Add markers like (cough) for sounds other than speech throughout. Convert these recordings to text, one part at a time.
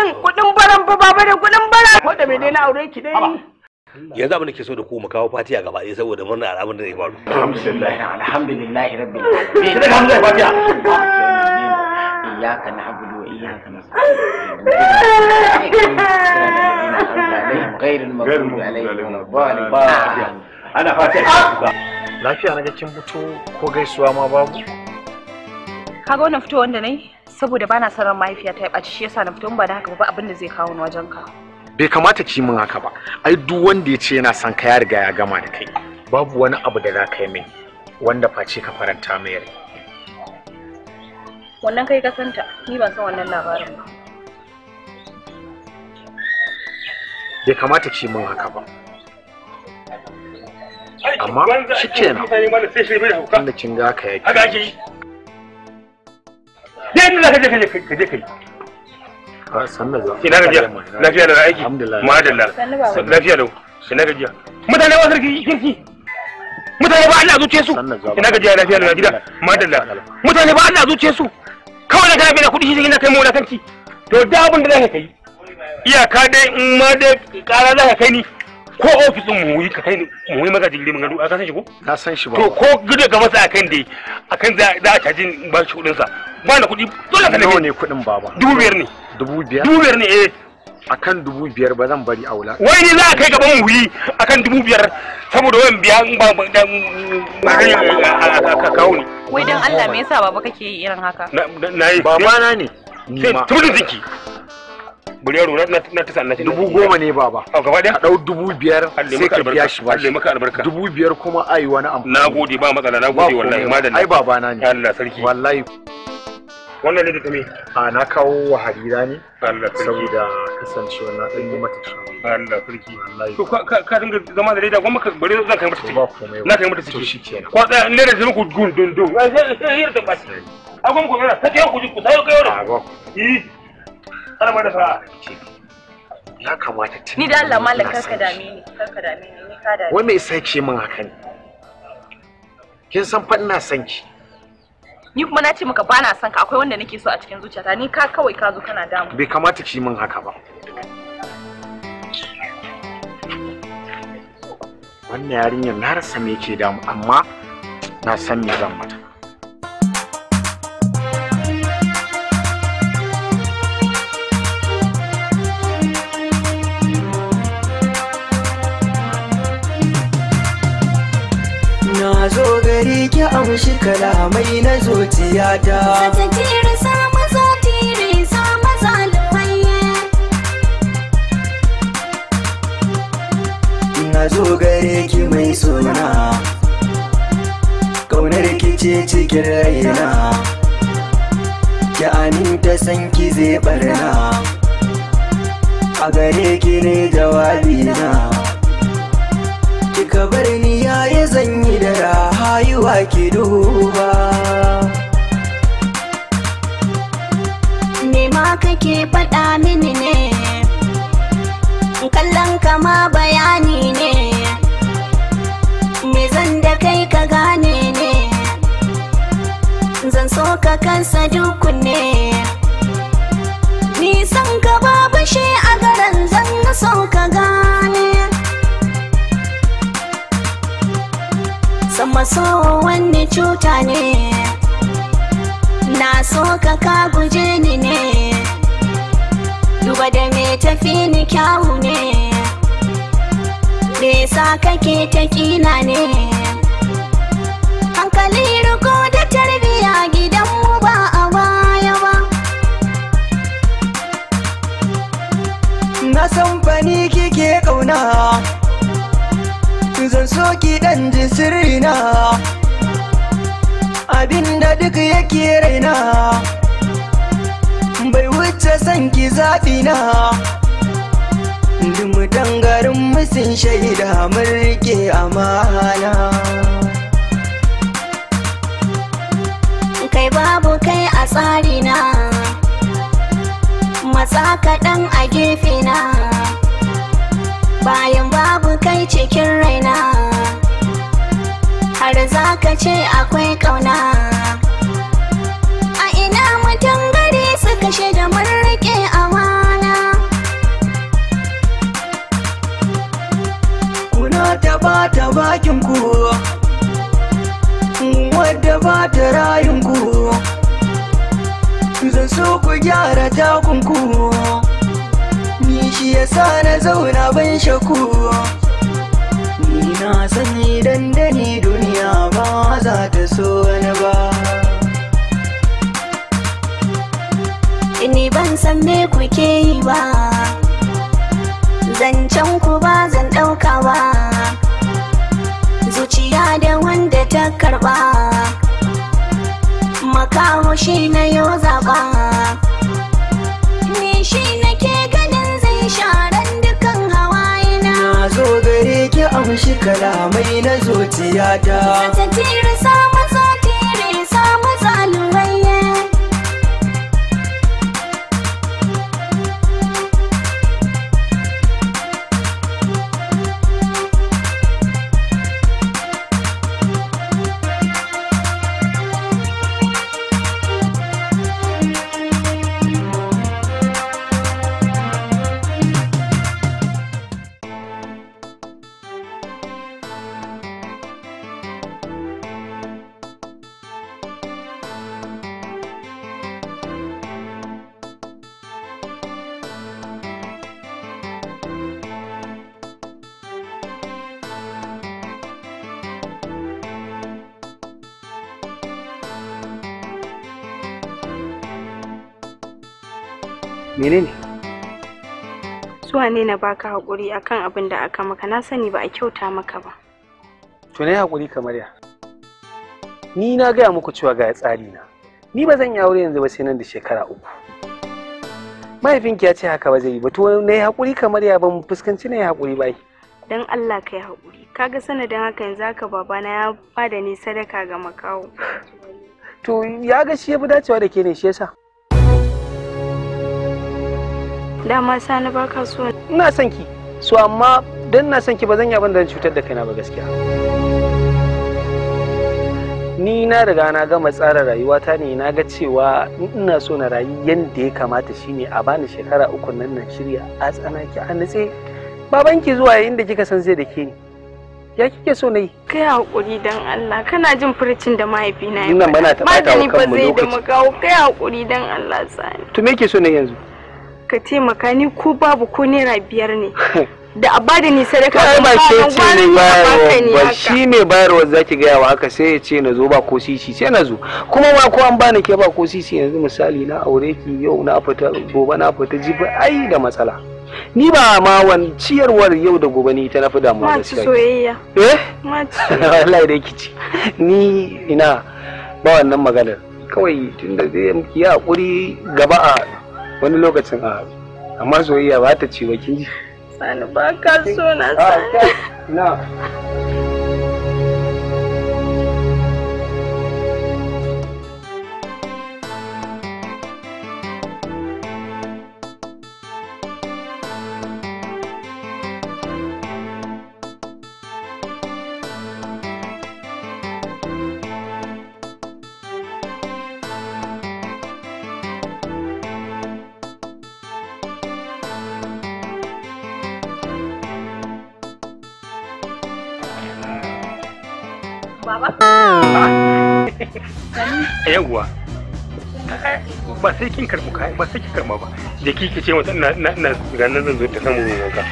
kudin kudin baran fa baba da kudin baran ko da mene na aure ki dai yanzu abin da ke so da ku mu kawo fatiya gaba ɗaya saboda murna al'amarin da ya faru alhamdulillah alhamdulillah rabbil alamin da hamza fatiya iyyaka na'budu wa iyyaka nasta'in ghayril maghdubi alaihim waladdallin ana fatiya lafiya na ga kin fito ko gaisuwa ma babu kaga wannan fito wanda nayi saboda bana son ran mahaifiya ta ɓaci shi yasa na fito ba da haka ba abin da zai kawo ni wajen ka bai kamata ki min haka ba ai duk wanda ya ce yana son ka ya riga ya gama da kai babu wani abu da za ka yi min wanda face ka faranta mai rai wannan kai ka santa ni ban san wannan labarin ba bai kamata ki min haka ba amma shi kenan wanda kin ga ka yake dai inda zaka ka je ka je kai sanna za ina lafiya da aiki madalla lafiya da ina gajiya mutane ba sarki kirki mutane ba Allah zuciye su ina gajiya lafiya da gida madalla mutane ba Allah zuciye su kawai da kana bina kudi shi ina kai mu mola kanki to da abin da zaka kai iyaka dai in ma dai kara zaka kai ni ko ofisin mu yi ka kai mu yi maka digiri mun gado ka san shi ko ka san shi ba to ko gida ga masa akan dai akan za a cajin ba shi kudin sa ba da kuɗi dole ka nake ne kuɗin baba dubu biyar ne dubu biyar dubu biyar ne eh akan dubu biyar ba zan bari aula wai ni za a kai gaban wuyi akan dubu biyar saboda wayan biya in ba dan ka kawo ni wai dan Allah me yasa baba kake yi irin haka na yi baba na ne ni ma tun ziki bulero na na tisa na dubu goma ne baba a gaba daya dau dubu biyar sai ka biya shi ba Allah maka albarka dubu biyar kuma ai wani amfani nagode ba matsala nagode wallahi madalla ai baba na ne Allah sarki wallahi wannan ne da tumi a na kawo wa harira ne saboda kasancewa na ɗan yi mata shawo Allah sarki to ka dinga zama da leda kuma ka bari zan kai mata ciki na kai mata ciki shi ko da leda zai muku gun dun dun ai sai da bashi a gun ku na ta ku ji ku sai kai wani yi ana ma da fara ya kamata ni da Allah mallan ka dame ni karka dame ni ni ka dame wai me sai ke min haka ne kin san fa ina san ki ni kuma na ce maka ba son ka akwai wanda nake so a cikin zuciyata ni ka kawai ka zo kana damu bai kamata ki min haka ba wannan yarinyar na rasa me yake damu amma na san me zan mata gari ki amshi kalamai na zuciyata Satajiri sama zatiri sama zalumaye Na zo gare ki mai suna Kaunar ki ce cikin raina Ki aminta san ki zai barna A gare ki ne jawabi na Ka bar ni yayi zanyi da rahayuwa ke duba me ma kake faɗa mini ne kallon kama bayani ne me zan da kai ka gane ne zan so ka kansa ni san ka babu shi a garin zan so ka gane maso wani cuta ne na so ka ka guje ni ne duba da me tafi ni kyawu ne me sa kake ta kina ne hankali riko da tarbiya mu ba a baya ba na san fani kike kauna zan soki dan ji sirrina abinda duk yake raina bai wuce san ki zaɓi na dum dangarin musin shaida mun rike amana kai babu kai a tsarina matsa kaɗan a gefe na bayan babu kai cikin raina har za ka ce akwai kauna a ina mutum gari suka da marrake a wana kuna ba ta bakin ku wadda ba ta rayun ku zan so ku gyara takunku shi yasa na zauna ban shaku ni na sani dandani duniya ba za ta so wani ba ni ban san me kuke yi ba zancen ku ba zan ɗauka ba zuciya da wanda ta karɓa makaho shi na yau zaɓa ni shi na mishi kalamai na zuciyata. ne na baka haƙuri akan abin da aka maka na sani ba a kyauta maka ba to yi haƙuri kamar ya ni na gaya muku cewa ga tsari na ni ba zan yi aure yanzu ba sai nan da shekara uku mahaifinki ya ce haka ba zai yi ba to na yi haƙuri kamar ya ban fuskanci na yi haƙuri ba dan Allah ka yi haƙuri kaga sanadin haka yanzu haka babana ya bada ni sadaka ga makawo to ya ga shi ya fi dacewa da ke ne shi yasa dama sani ba ka so ina son ki so amma dan na son ki ba zan yi abin da zan cutar da kaina ba gaskiya ni na riga na gama tsara rayuwata ne na ga cewa ina so na rayu yadda ya kamata shine a bani shekara uku nan na shirya a tsanaki a natse babanki zuwa yayin da kika san zai da ke ni ya kike so na yi kai hakuri dan Allah kana jin furcin da mahaifina ya ba ni ba zai da mu kawo kai hakuri dan Allah sani. to me ke so na yanzu ka taimaka ni ko babu ko naira biyar ne da a bada ni ka ba ce ce ne bayarwa ba shi ne bayarwa zaki gaya wa aka sai ya ce na zo ba ko sisi sai na zo kuma ma ko an bani ke ba ko sisi yanzu misali na aure ki yau na fita gobe na fita jibi ai da matsala ni ba ma wan ciyarwar yau da gobe ni ta nafi damuwa da soyayya eh (laughs) wallahi dai kici ni ina ba wannan maganar kawai tunda zai yi hakuri gaba a wani lokacin a amma soyayya ba ta ce ba kin ji sani ba ka so na ah, sani na yawwa ba sai kin karɓi kayan ba sai kin karɓa ba jiki ke ce mata na na na ganin zan zo ta samu wanka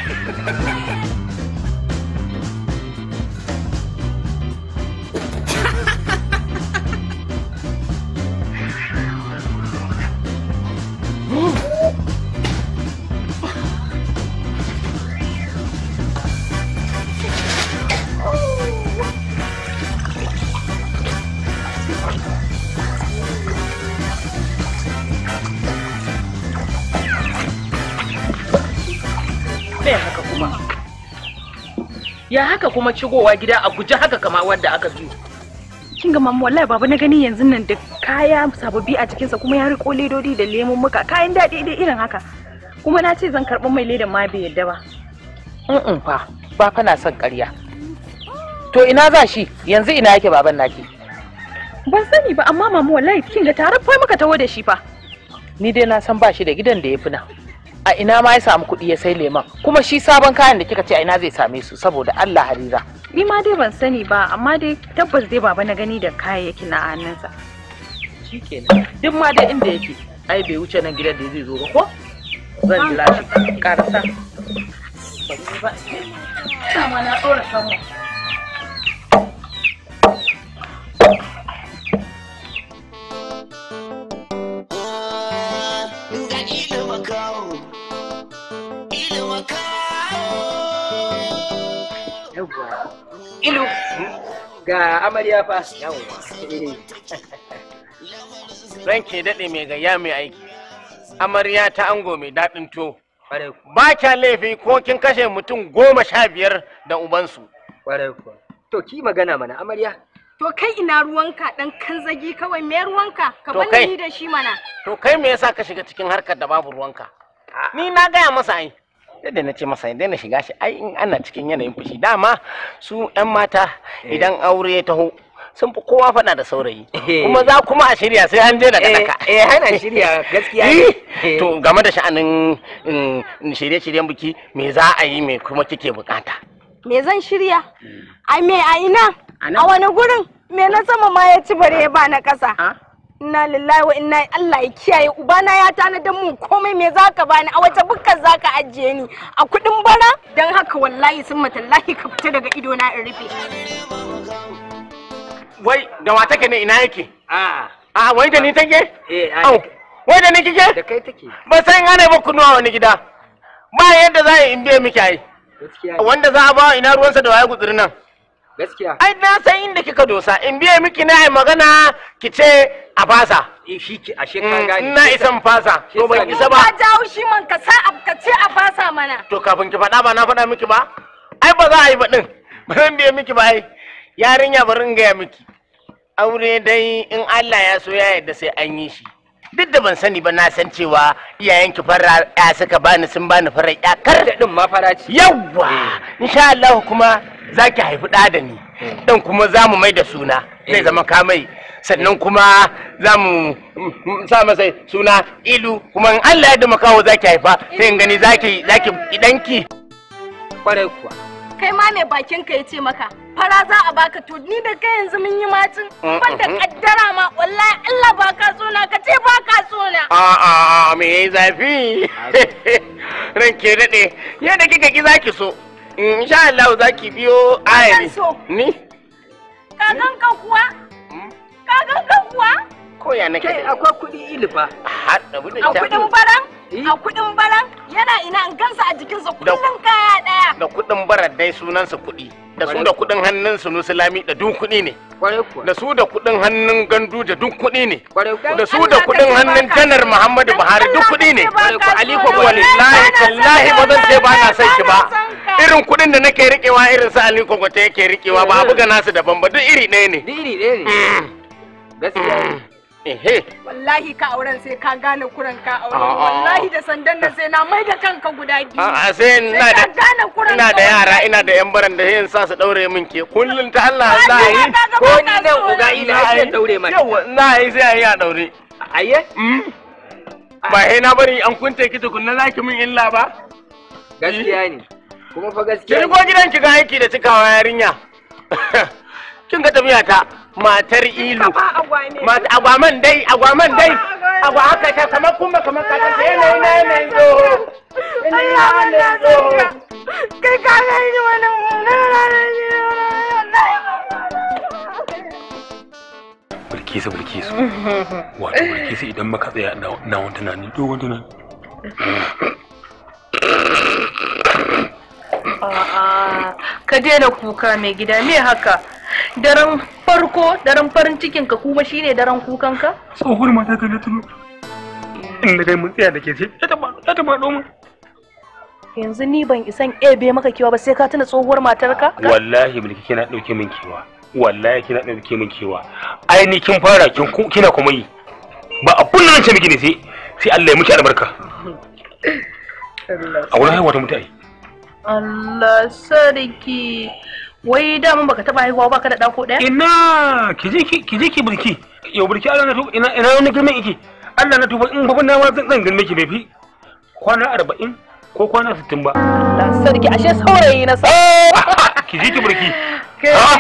kuma shigowa gida a guji haka kama wanda aka biyo kin ga mamu wallahi baba na gani yanzu nan da kaya sababbi a cikinsa kuma ya riko ledodi da lemun muka kayan daɗi dai irin haka kuma na ce zan karɓi mai ledan ma bai yadda ba in fa ba fa na son ƙarya to ina za shi yanzu ina yake baban naki ban sani ba amma mamu wallahi kin ga tare fa muka taho da shi fa ni dai na san ba shi da gidan da ya fi na a ina ma ya samu kuɗi ya sai lemon? kuma shi sabon kayan da kika ce a ina zai same su saboda Allah harira ni ma dai ban sani ba amma dai tabbas dai baba na gani da kayayyaki na hannunsa shikenan duk ma dai inda yake ai bai wuce nan gidan da zai zo ba ko zan bila shi karasa ba na tsora kanmu ilu ga amarya fa eh. ranke daɗe mai gayya mai aiki amarya ta ango mai daɗin to ba kya laifi ko kin kashe mutum goma sha biyar da ubansu to ki magana mana amarya to kai ina ruwanka kan kanzagi kawai me ruwanka ka bani da shi mana to kai me yasa ka shiga cikin harkar da babu ruwanka ah. ni na gaya masa ai yadda na ce masa ya daina shiga shi ai in ana cikin yanayin fushi dama su 'yan mata eh. idan aure ya taho sun fi kowa faɗa da saurayi eh. kuma za kuma a shirya sai an daina kaɗaka eh, eh ana shirya (laughs) gaskiya ne to game da sha'anin mm, shirye-shiryen biki me za a yi me kuma kike bukata me zan shirya hmm. ai me a ina a wani gurin me na sama ma ya ci bare ba na ƙasa inna lillahi wa inna Allah ya kiyaye ubana ya tanadar mun komai me zaka bani a wace bukkar zaka ajiye ni a kudin bara dan haka wallahi sun matallahi ka fita daga ido na in rufe wai da wa take ne ina yake a a wai da ni take eh wai da ni kike da kai take ba sai ana ba kunuwa wani gida ba yadda za a inde in miki ai wanda za a ba ina ruwansa da waye gutsirin nan gaskiya ai na san inda kika dosa in biye miki na ai magana ki ce a fasa eh, shi ki ashe ka mm, gani ina isan fasa to ban isa ba ka jawo shi man ka sa ka ce a fasa mana to kafin ki faɗa ba na faɗa miki ba ai ba za a yi ba din (laughs) ba zan biye miki ba ai yarinya bari in gaya miki aure dai in Allah ya so ya yarda sai an yi shi duk da ban sani ba na san cewa iyayen ki fara ya suka bani sun bani fara ya kar da din ma fara ci yawa insha Allah kuma za ki haifi ɗa da ni hmm. ɗan kuma za mu mai da suna zai hmm. zama kamai sannan kuma za mu mm, sa masa suna ilu kuma in Allah ya da makawo za ki haifa sai in gani za ki ki, Kwarai kuwa. Kai ma mai bakin ka ya ce maka fara za a baka to ni da kai yanzu mun yi macin hmm, ban da kaddara ma wallahi Allah ba ka suna ka ce ba ka suna. A'a me zafi (laughs) ranke daɗe yadda kika ki zaki so. insha Allah za ki biyo ayari ni kagan ka kuwa hmm? kagan ka kuwa ko ya nake akwai kuɗi ilifa Akwai kudin baran Eh? a kudin baran yana ina an gansa a jikinsa kullum kaya daya da kudin barar dai sunansa kudi da su da kudin hannun su nusulami da duk kudi ne da su da kudin hannun gandu da duk kudi ne da su da kudin hannun janar muhammadu buhari duk kudi ne aliko wallahi wallahi ba zan ce ba na son ki ba irin kudin da nake rikewa irin sa aliko gote yake rikewa ba abu eh. ga nasu daban ba duk iri ɗaya ne iri ɗaya ne mm. gaskiya ehe wallahi ka auren sai ka gane kuran ka auren wallahi da sandan nan sai na mai da kanka guda biyu a sai ina da gane kuran ina da yara ina da yan baran da sai sa su daure min ke kullun ta Allah wallahi yi ko ni ne uga ina ake daure mai yawa ina yi sai yi a daure aye mm. ba he na bari an kunta ki tukunna zaki min illa ba gaskiya ne kuma fa gaskiya ki ko gidan ga aiki da cikawa yarinya (laughs) kin ga tafiya ta matar ilu agwaman dai agwaman dai agwa haka ta kamar kuma kamar ka ta yanayi na yanayin tsoho yanayi na wannan kai ka yi ni wani Bilkisu Bilkisu wato Bilkisu idan maka tsaya na wani tunani dogon tunani A'a, ka daina kuka mai gida me haka? Daren farko, daren farin cikin ka kuma shine daren kukan ka? Tsohuwar mata ta na tuno. Inda kai mun tsaya da ke ce, ta ta faɗo mu. Yanzu ni ban isan ebe maka kewa ba sai ka tuna tsohuwar matar ka? Wallahi mulki kina dauke min kewa. Wallahi kina dauke min kewa. Ai ni kin fara kin kina kuma yi. Ba abun nan ce miki ne sai sai Allah ya miki albarka. (laughs) A wurin haihuwa ta mutai. Allah sarki wai dama baka taba haihuwa baka da da ko daya ina ki je ki ki ki burki yo burki Allah na tuba ina ina wani girman yake Allah na tuba in babban na ma zan girme ki bai fi kwana 40 ko kwana 60 ba Allah sarki ashe saurayi na sa (laughs) ki ki burki kai ah!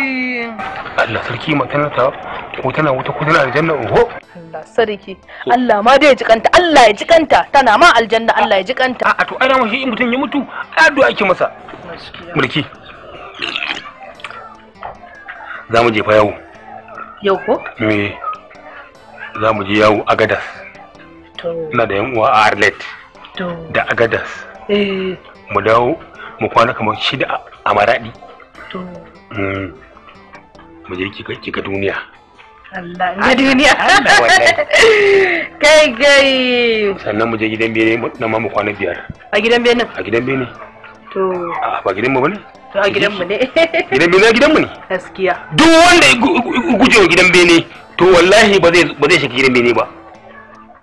Allah sarki matan ta ko tana wuta ko tana aljanna oho Allah sarki Allah ma dai ya jikanta Allah ya jikanta tana ma aljanna Allah ya jikanta a to ai ma shi in mutum ya mutu addu'a ake masa mulki za mu je fa yau yau ko eh za mu je yawo agadas ina da yan uwa a arlet da agadas eh. mu dawo mu kwana kamar shida a maradi mm. mu je kika duniya Allah ga duniya. Kai kai. Sannan mu je gidan bene na ma mu kwana biyar. A gidan bene? A gidan bene. To. A ba gidan mu bane? To a gidan mu ne. Gidan bene a gidan mu ne. Gaskiya. Duk wanda ya guje gidan bene to wallahi ba zai ba zai shiga gidan bene ba.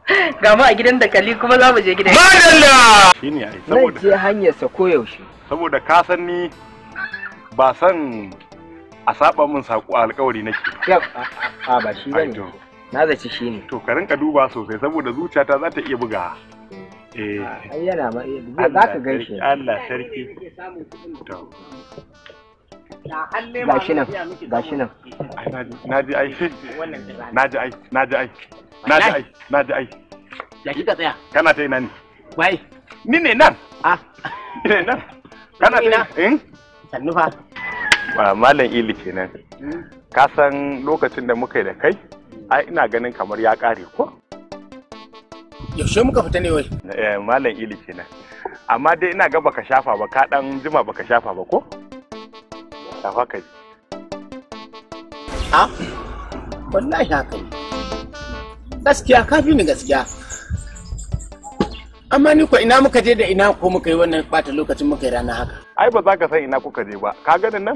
(laughs) Ga mu a gidan da kali kuma za mu je gidan. Madalla. Shine ai saboda. Zan je sa koyaushe. Saboda ka san ni ba san a saba min sako alƙawari nake a ba shi bane na zaci shi ne to ka rinka duba sosai saboda zuciyata za ta iya buga eh, eh. ai yana ma eh, za ka gaishe Allah sarki to gashi nan gashi nan naji ai naji ai naji ai naji ai naji ai gashi ka tsaya kana ta ina ne wai ni ne nan ah ni ne nan kana ta ina eh? sannu fa Ah, malam ili kenan ka san lokacin da muka yi da kai ai ina ganin kamar ya kare ko yaushe muka fita ne wai eh, malam ili kenan amma dai ina ga baka shafa ba ka dan jima baka shafa ba ko shafa kai a ah, wallahi haka ne gaskiya kafi ni gaskiya amma ni ko ina muka je da ina ko muka yi wannan bata lokacin muka yi rana haka ai ba za ka san ina kuka je ba ka ganin nan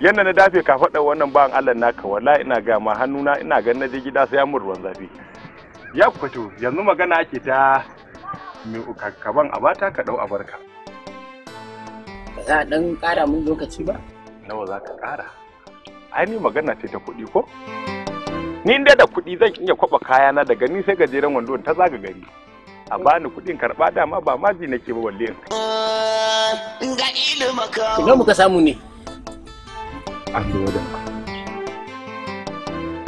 yadda na dafe ka faɗa wannan bayan Allah naka wallahi ina ga ma hannuna ina ganin na je gida sai amur ruwan zafi ya kwato yanzu magana ake ta mai ukakkaban a bata ka dau abarka ba za a dan ƙara mun lokaci ba nawa za ka ƙara ai ni magana ce ta kuɗi ko ni inda da kuɗi zan iya kwaba kayana daga ni sai gajeren wando ta zaga gari a bani kuɗin karɓa dama ba maji nake ba walle in kai. Ina muka samu ne. an lura da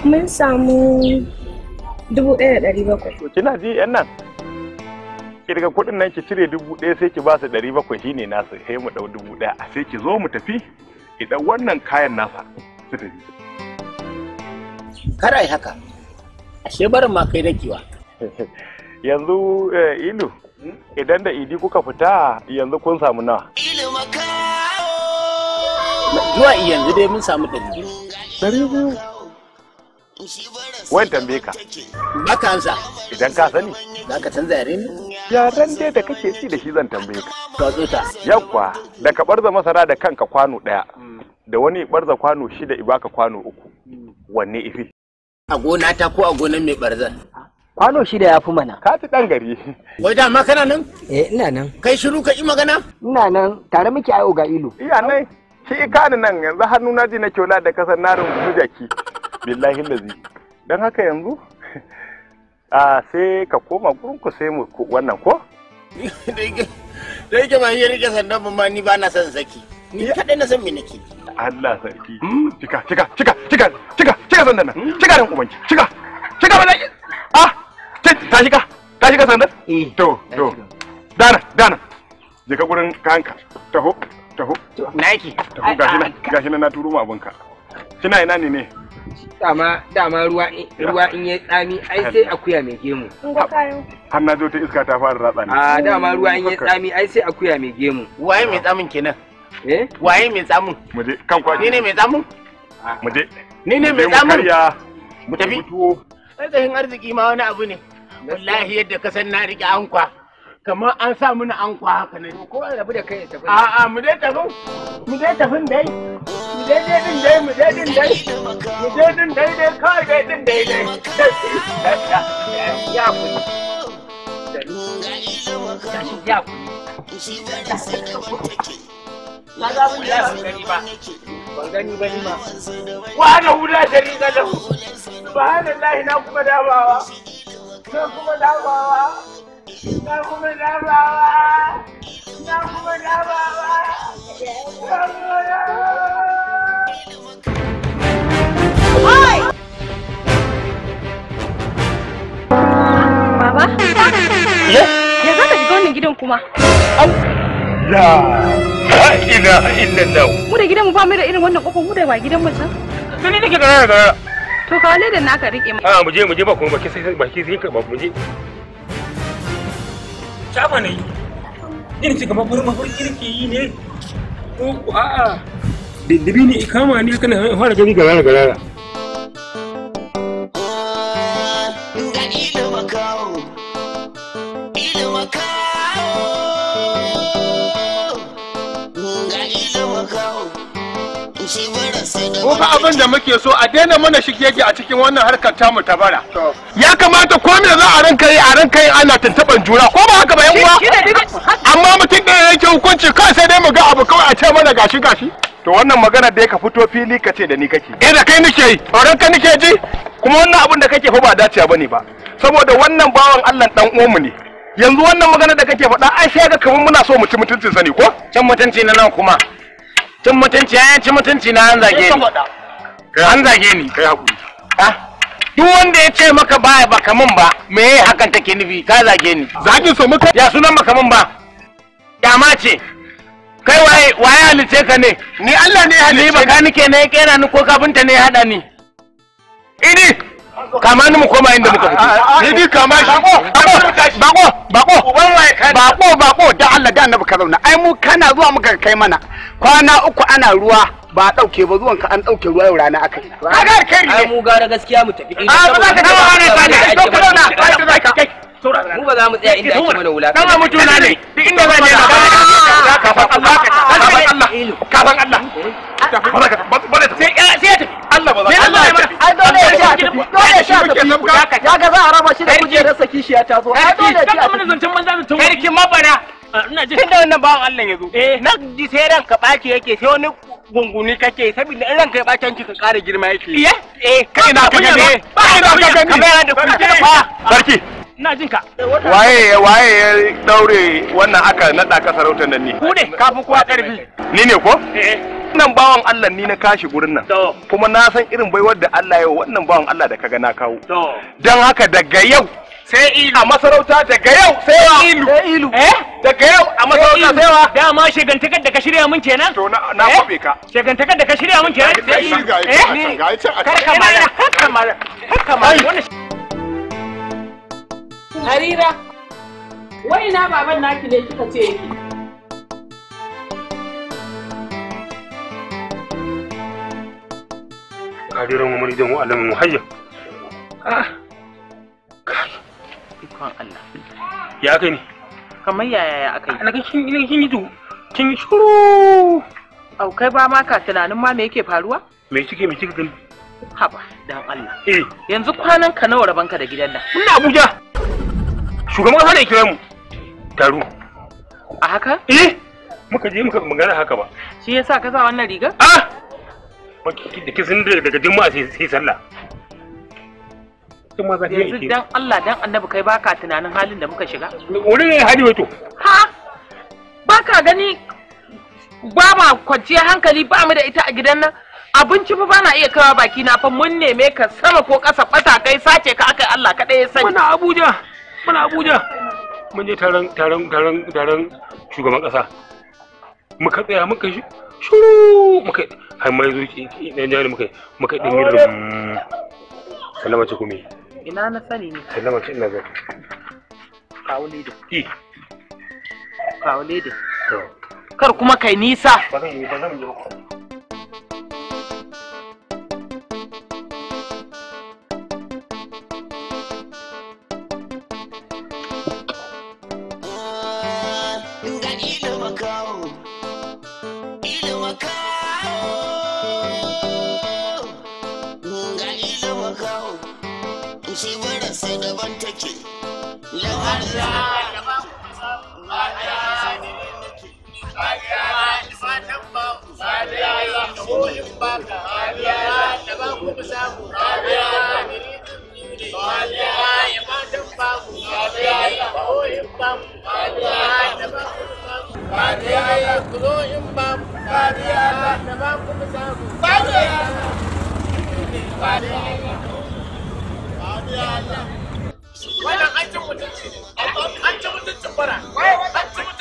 mun samu dubu ɗaya da ɗari bakwai to kina ji yan nan ki daga kuɗin nan ki cire dubu ɗaya sai ki ba su ɗari bakwai shine nasu sai mu ɗau dubu ɗaya sai ki zo mu tafi idan wannan kayan nasa su tafi kar haka ashe barin ma kai dakewa (laughs) yanzu eh, ilu idan da idi kuka fita yanzu kun samu nawa zuwa yanzu dai mun samu ɗari biyu ɗari biyu wani tambaye ka ba ka ansa idan ka sani za ka canza yare ne yaren dai da kake ci da shi zan tambaye ka ka ta yawwa da ka barza masara da kanka kwano ɗaya mm. da wani barza kwano shida baka kwano uku mm. wanne ifi a gona ta ko a gonan mai barzan kwano shida ya fi mana. Ka ci ɗan gari. Wai dama kana nan? Eh ina nan. Kai shiru ka yi magana? Ina nan tare muke ayo ga ilu. Iya nai. shi ikani nan yanzu hannu na ji na kyola da kasar na rungu jaki billahi lazi don haka yanzu (laughs) a sai ka koma gurinku sai mu wannan ko (laughs) da yake ma yi rike sandan ba ni ba na son saki ni kaɗai na san me nake Allah sarki hmm, cika cika cika cika cika cika sandan nan hmm? cika ran ubanki cika cika ba ah ta shiga ta shiga sandan eh. to to dana dana je ka gurin kanka taho taho naki taho gashi nan gashi na turo ma abinka kina ina ne ne dama dama ruwa ruwa in ya tsami ai sai akuya mai gemu har na zo ta iska ta fara ratsa ne a dama ruwa in ya tsami ai sai akuya mai gemu waye mai tsamin kenan eh waye mai tsamin mu je kan kwaji ni ne mai tsamin ah. mu je ni ne mai tsamin mu tafi tsayin arziki ma wani abu ne wallahi yadda ka san na rike ankwa kamar an sa mini an kwa haka ne ko an rabu da kai ya tafi a a mu dai tafi mu dai tafin dai mu dai dai din dai mu dai din dai mu dai din dai dai kawai dai din dai dai ya ku ya ku na ga abin da ban gani ba ban gani ba ni ma wa na hula Ba lahu subhanallahi na kuma dabawa na kuma dabawa na Baba? Ya gidan kuma? Ya! ina ina Mu da fa da irin wannan kofar mu da ba gidan mu can. Sani nake da rara. To ka da naka rike mu. A mu je mu je ba kuma baki sai baki sai ka mu je. shama na yi ina ce kamar bari mafarki nake yi ne ko a'a diddibi ne ikama ne kana fara gani garara garara mu fa abin da muke so a daina mana shigege a cikin wannan harkar tamu mu bara ya kamata ko me za a ranka yi a ranka yi ana tantaban jura ko ba haka ba yan uwa amma mutum da yake hukunci kai sai dai mu ga abu kawai a ce mana gashi gashi to wannan magana da ka fito fili ka ce da ni kake eh da kai nake yi tsoron ka nake ji kuma wannan abin da kake fa ba dace bane ba saboda wannan bawan Allah dan uwanmu ne yanzu wannan magana da kake faɗa ai sai ga kamar muna so mutum mutunci sani ko can mutunci na nan kuma cin mutunci ya ci mutunci na an zage ni an zage ni kai hakuri duk wanda ya ce maka ba baka min ba me yayi hakan take nufi ka zage ni zagin so muka ya sunan maka min ba kyama ce kai waye waye halice ka ne ni Allah ne halice ni baka nike ne ya kera ni ko kafinta ne ya hada ni idi kama ni mu koma inda muka fito ni ah, ah, ah, bi kama shi bako bako bako bako da Allah da annabi ka zauna ai mu kana zuwa muka kai mana kwana uku ana ruwa ba dauke ba zuwan ka an dauke ruwa yau rana akai kaga alkhairi ai mu gara gaskiya mu tafi a ba za ka dawo ana kana to ka zauna kai ka za ka mu ba za mu tsaya inda ake mana wulaka kana mutuna ne duk inda zan je ka kafan Allah kafan Allah kafan Allah sai ya tafi Allah ba za Allah ya tafi ai dole ya tafi dole ya tafi ya ga za a raba shi da kujerar saki shi ya tazo ai dole ya tafi kan zancen banza zancen sarki mabara ah, ina ji tunda wannan bawan Allah ya zo eh. na ji sai ran ka baki yake sai wani gunguni kake saboda in ranka ya bace ki ka ƙara girma yake eh eh kai na ka gane kai na ka gane ka bayar da kuɗi sarki ina jin ka waye waye ya daure wannan aka nada ka sarautar nan ne ku ne kafin kowa karfi ni ne ko eh, eh. wannan bawan Allah ni na kashi gurin nan kuma na san irin baiwar da Allah ya wannan bawan Allah da kaga na kawo don haka daga yau sai ilu a masarauta daga yau sai ilu sai ilu eh daga yau a masarauta sai wa dama shegantakar da ka shirya mun kenan to na eh? kwabe ka shegantakar da ka shirya mun kenan sai ilu eh kar ka mara kar ka mara kar ka mara harira wai na baban naki ne kika ce yake hariran umar jan wa'alamin muhayya ah. ikon Allah ya kai ne kamar yaya ya akai na kin ina kin yidu kin shuru au kai ba ma ka tunanin ma me yake faruwa me kike me kike gani haba dan Allah eh yanzu kwanan ka nawa rabanka da gidan nan ina Abuja shugaban kasa ne kira mu taro a haka eh muka je muka magana haka ba shi yasa ka sa wannan riga ah da kisan daga juma'a sai sallah yanzu dan Allah dan annabi kai baka tunanin halin da muka shiga Wani ne hali wato ha baka gani ba ma kwanciyar hankali ba mu da ita a gidan nan abinci fa bana iya kawo baki na fa mun neme ka sama ko ƙasa fata kai sace ka akai Allah kadai ya sani muna Abuja muna Abuja mun je taron taron taron taron shugaban kasa muka tsaya muka shi shuru muka har mai zuci dan jari muka muka dinga sallama ce kuma ina na sani ne sallama ce ina zai kawo da ti kawo da kar kuma kai nisa ba zan yi ba zan yi ba Fadiya Allah. wannan an ci mutunci an ci mutuncin bara an ci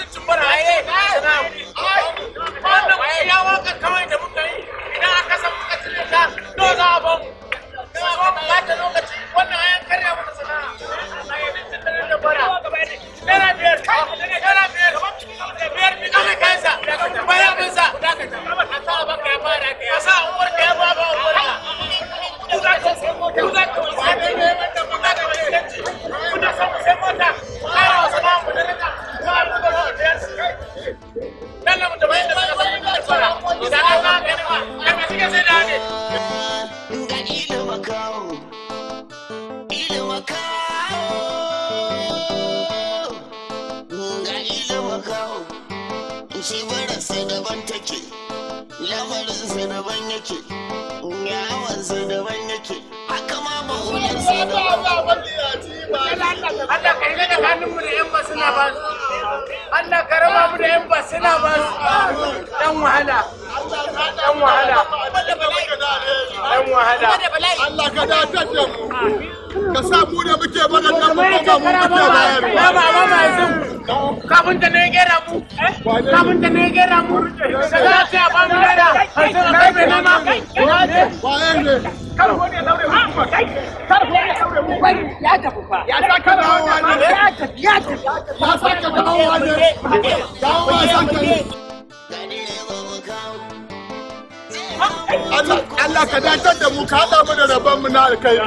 Allah ka datar da mu ka haɗa mu da rabon mu na alkhairi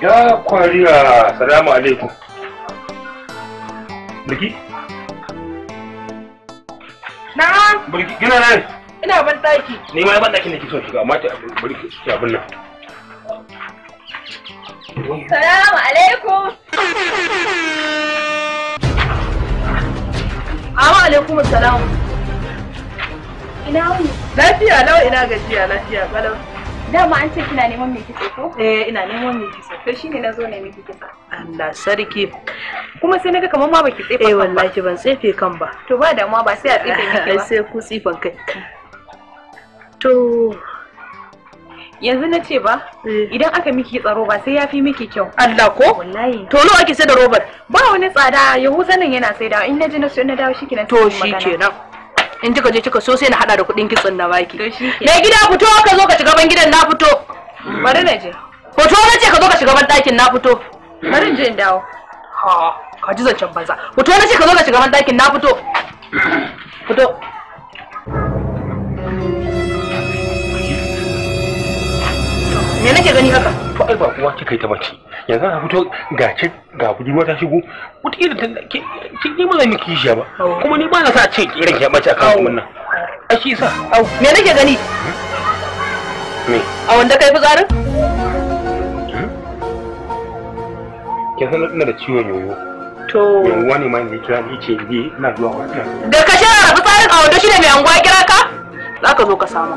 Ya a salamu alaikum. Birki? Na'am. Birki, gina nan. Ina ban daki. Ni ma ban ne, k'i so shiga, amma ta birki ki abin nan. Salamu alaikum. Awa alaikum salam. Ina wuni? Lafiya lau ina gajiya lafiya kalau. Dama an ce kina neman mai kitso ko? Eh ina neman mai kitso. Kai shine na zo ne miki kitsa. Allah sarki. Kuma sai naga kamar ma baki tsefe eh, kan ba. Eh wallahi ban tsefe kan ba. To ba damuwa ba sai a tsefe miki ba. (laughs) Sai ku tsifan kai. To yanzu na ce ba mm. idan aka miki tsaro ba sai ya fi miki kyau Allah ko to lo ake sai da robar ba wani tsada yahuza nan yana sai da in na ji na so na dawo shi kenan to shi kenan in kika je kika so sai na hada da kudin kitson na baki To shi na gida fito ka zo ka shiga ban gidan na fito mm. bari na je hoto na ce ka zo ka shiga ban dakin na fito bari je in dawo ha ka ji zancen banza hoto na ce ka zo ka shiga ban dakin na fito fito me nake gani haka to ai ba kuwa kika yi ta bace yanzu na fito ga ci ga ruwa ta shigo wata irin ta ki ni ba zan miki shi ba kuma ni ba na sa ce irin ya a akan kuma nan a shi sa au me nake gani hmm? me a wanda kai fitsarin hmm? ke san na da ciwon yoyo to yanguwa ne ma ne kira ni ce ni eh, na zuwa wannan da ka shara fitsarin a wanda shi ne mai anguwa kira ka za ka zo ka samu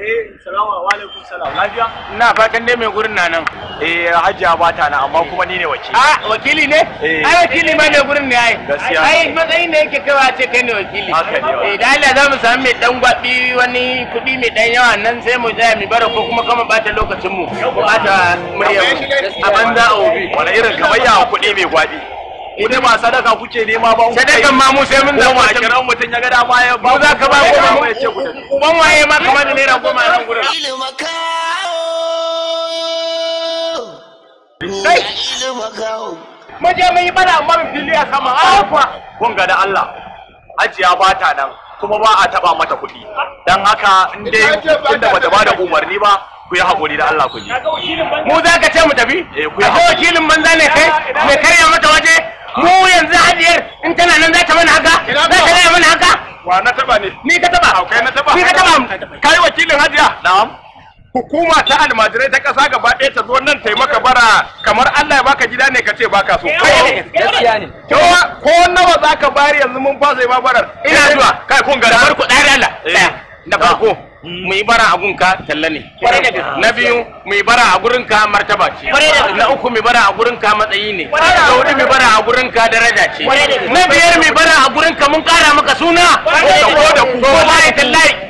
Eh, salamu alaikum salam. Lafiya? Ina fatan dai mai gurin na nan. Eh, Hajiya ba nan amma kuma ni ne wakili. Ah, wakili ne? Eh. Ai wakili ma mai gurin ne ai. Gaskiya. Ai matsayin da yake kawa ce kai ne wakili. Haka Eh, da Allah za mu samu mai dan gwabi wani kuɗi mai dan yawa nan sai mu tsaya mu bara ko kuma kama bata lokacin mu. Ko bata muryar mu. A banza a obi. Wani irin kamar kamayya kuɗi mai gwabi. ku dai ba sadaka kuke nema ba sadakan ma mu sai mun da mu kiran mutun ya ga dama ya ba za ka ba goma ya ce ku ban waye ma kamar da naira goma nan gurin kai mun je bana amma fili a sama afa kun ga da Allah ajiya ba ta nan kuma ba a taba mata kuɗi dan haka in dai tunda da ba da umarni ba ku yi hakuri da Allah ku ji mu za ka ce mu tafi eh ku yi wakilin banza ne kai me karya mata waje mu yanzu hajiyar in tana nan za ta mana haka za ta gaya mana haka wa na taba ne ni ka taba kai na taba ni ka taba kai wakilin hajiya na'am hukuma ta almajirai ta ƙasa gaba ɗaya ta zo nan ta yi maka bara kamar Allah ya baka gida ne ka ce baka so kai ne ko nawa za ka bayar yanzu mun ba yi ba barar ina eh, zuwa kai kun gara bar ku Allah da eh, farko mu bara a gunka talla ne na biyu mu yi bara a gurinka martaba ce na uku mu bara a gurinka matsayi ne na hudu mu bara a gurinka daraja ce na biyar mu bara a gurinka mun kara maka suna ko da ku ko ba tallahi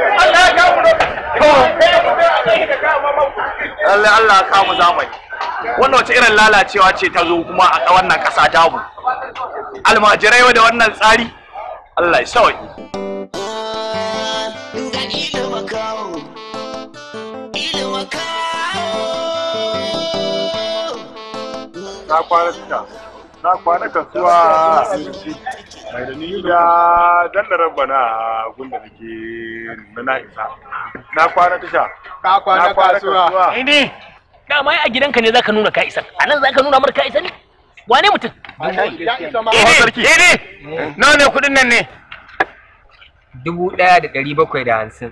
Allah Allah ka mu zamani wannan wace irin lalacewa ce ta zo kuma a wannan kasa ta mu almajirai da wannan tsari Allah ya sawai Na kwanata na kwana kasuwa mai da ni da dandarar bana gunda nake na na isa na kwana tasha ka kwana kasuwa da mai a gidanka ne zaka nuna ka isa a nan zaka nuna mar ka isa ne wane mutum ini eh, eh, eh. nawa ne kudin nan ne dubu daya da dari bakwai da hamsin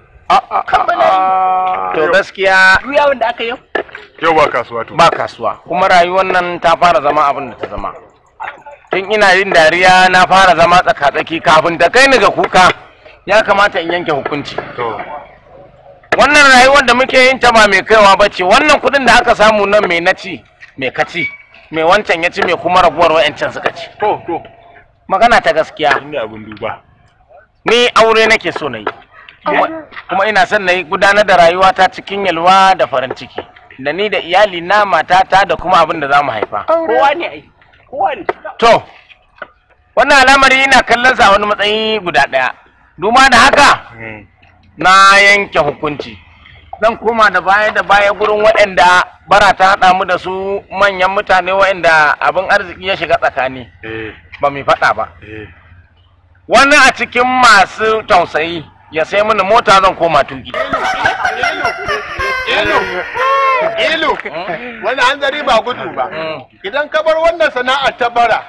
to gaskiya wanda aka yau yau ba kasuwa to ba kasuwa kuma rayuwar nan ta fara zama abin da ta zama tun ina yin dariya na fara zama tsaka-tsaki kafin da kai ni ga kuka ya kamata in yanke hukunci wannan rayuwar da muke yin ta ba mai kaiwa ba ce wannan kudin da aka samu nan mai naci mai kaci mai wancan ya ci mai kuma raguwar wa'ancan suka ci to to magana ta gaskiya ni abin duba ni aure nake so na yi kuma ina son na yi gudanar da rayuwata cikin yalwa da farin ciki da ni da iyali na matata da kuma abin da za mu haifa kowa ne ai to wannan al'amari yana kallon sa wani matsayi guda ɗaya duma da haka hmm. na yanke hukunci zan koma da baya da baya gurin waɗanda bara ta haɗa mu da su manyan mutane waɗanda abin arziki ya shiga tsakani eh. ba mu faɗa ba eh. wani a cikin masu tausayi ya sai mini mota zan koma tuki Ilu, ilu, wani zari ba gudu ba. Idan ka bar wannan sana'ar ta bara,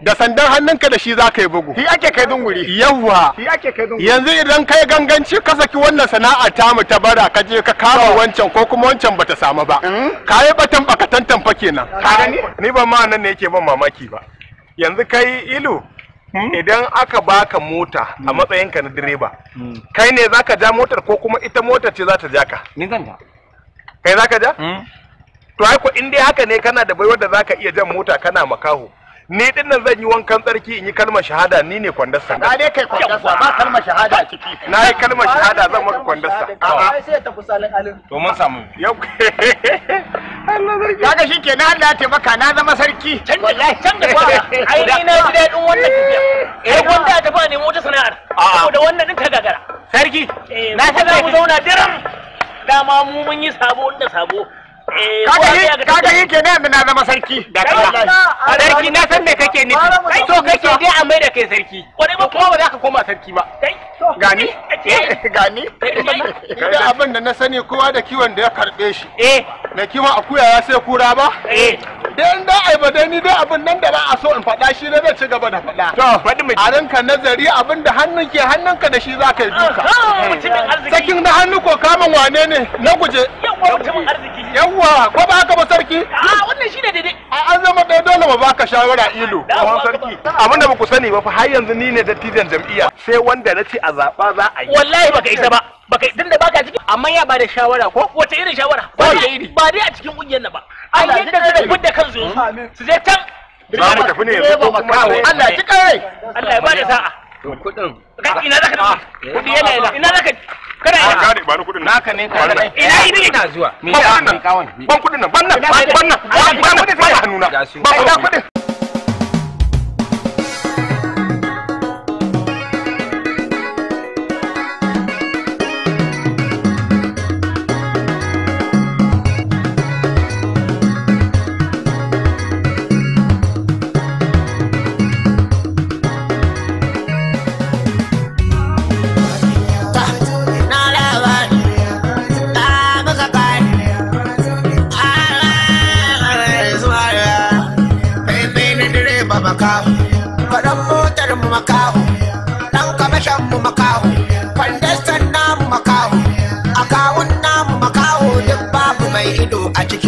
da sandan hannunka da shi za ka yi bugu. Shi ake kai dunguri. Yawwa. Shi ake kai dunguri. Yanzu idan kai ganganci ka saki wannan sana'a ta mu ta bara ka je ka kama wancan ko kuma wancan bata samu ba. Hmm? Ka yi batan baka tantanfa kenan. Ka gani? Ni ban ma nan ne yake ban mamaki ba. Yanzu kai ilu, hmm? idan aka baka mota a hmm. matsayinka na direba kai ne za ka ja motar ko kuma ita motar ce za ta ja ka ni zan ja kai zaka ja hmm? to ai ko in dai haka ne kana da baiwar da zaka iya jan mota kana makaho ni din nan zan yi wankan tsarki in yi kalmar shahada ni ne kwandasta na ne kai kwandasta ba kalmar shahada a ciki na yi kalmar shahada zan maka kwandasta a sai ta kusalin alin to mun samu yau (laughs) Allah sarki kaga shikenan Allah ya taimaka na zama sarki wallahi can da (laughs) ai ni na ji dadin wannan tafiya eh wanda ta fa ne mota sana'ar saboda wannan din ta gagara sarki eh, na ta za mu zauna diram dama mu mun yi sabo da sabo Eh, kada yi ke ne na zama sarki da Allah sarki na san me kake nufi so kake dai a mai da kai sarki ko kuma ba za ka koma sarki ba gani eh, gani da abin da na sani kowa da kiwon da ya karbe shi eh na kiwon akuya ya sai kura ba eh dan da ai ba dai ni dai abin nan da ba a so in faɗa shi ne zai ci gaba da faɗa to faɗi mu a ranka nazari abin da hannun ke hannunka da shi ka yi duka ah, sakin da hannu ko kaman wane ne na guje yawa mutumin arziki kuwa ko ba haka ba sarki a wannan shine daidai an zama ɗaya dole ba baka shawara ilo kawon sarki abin da ku sani ba fa har yanzu ni ne dattijan jam'iyya sai wanda na a zaɓa za a yi wallahi baka isa ba baka idan da baka ciki amma ya ba da shawara ko wata irin shawara ba da iri ba dai a cikin kungiyar na ba ai yadda zai budda kansu hmm? su je can za mu tafi ne yanzu ko kuma Allah ya ji kai Allah ya bada sa'a kuɗin ina zaka da kuɗi yana ina ina zaka kana ina ka ba ni kuɗin naka ne ka ina ina ina zuwa me ban kuɗin nan ban nan ban nan ban kuɗin ban kuɗin